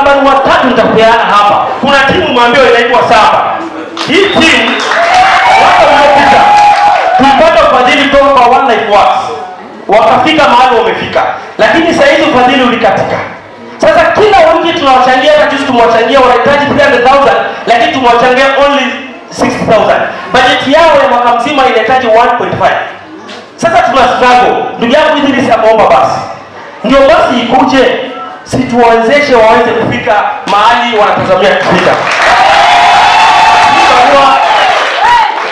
mabano watatu nitakupeana hapa. Kuna timu mwambie inaitwa saba. Hii timu mwaka uliopita tulipata ufadhili kutoka kwa One Life Works, wakafika mahali wamefika, lakini sasa hizi ufadhili ulikatika. Sasa kila wiki tunawachangia, hata juzi tumewachangia, wanahitaji 300,000 lakini tumewachangia only 60,000. Bajeti yao ya mwaka mzima inahitaji 1.5. Sasa tuna struggle. Ndugu yangu, hizi ni sababu basi. Ndio basi ikuje situwawezeshe waweze kufika mahali wanatazamia kufika.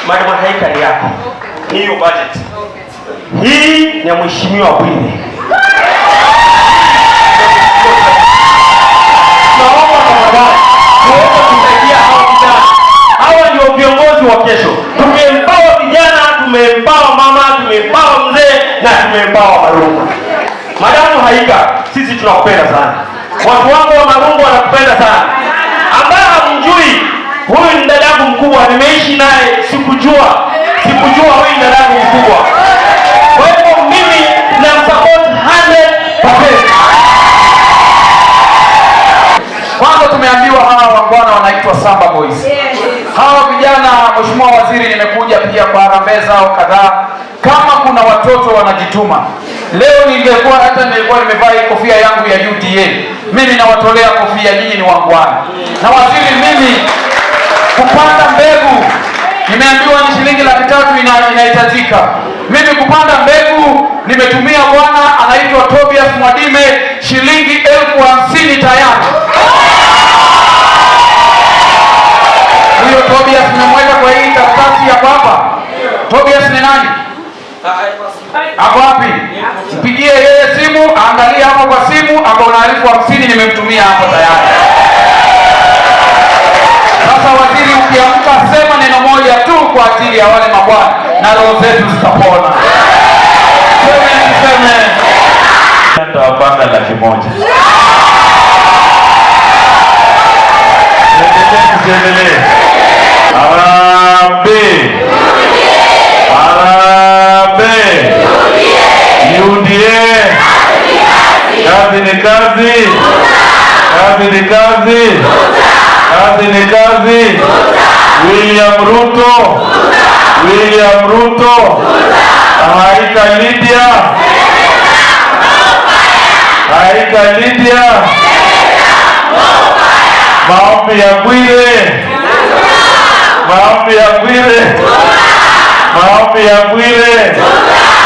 Madamadaika ni yako hiyo budget hii ni ya mheshimiwa Bwile. Hawa ndio viongozi wa kesho. Tumempawa vijana, tumempawa mama, tumempawa mzee na tumempawa maruma. Madamu Haiga, sisi tunakupenda sana, watu wako wa Marungu wanakupenda sana. Ambaye hamjui huyu ni dadangu mkubwa, nimeishi naye, sikujua sikujua huyu ni dadangu mkubwa. Kwa hivyo mimi na support 100%. Kwanza tumeambiwa hawa wangwana wanaitwa Samba Boys hawa vijana, Mheshimiwa Waziri, nimekuja pia kwa harambee zao kadhaa, kama kuna watoto wanajituma. Leo ningekuwa hata nilikuwa nimevaa kofia yangu ya UDA, mimi nawatolea kofia, nyinyi ni wangwana. Na waziri, mimi kupanda mbegu nimeambiwa ni shilingi laki tatu inahitajika. Mimi kupanda mbegu nimetumia bwana anaitwa Tobias Mwadime shilingi wapi? Hapo hapa Tobias ni nani? Ako wapi? Mpigie yeye simu, angalia hapo kwa simu, akaona elfu hamsini nimemtumia hapo tayari. Sasa waziri, ukiamka sema neno moja tu kwa ajili ya wale mabwana na roho zetu zitapona. Nitawapanga laki moja. kazi, kazi ni kazi, kazi ni kazi. William Ruto, William Ruto, haika Lydia, haika Lydia, maombi ya Bwire, maombi ya Bwire, maombi ya Bwire.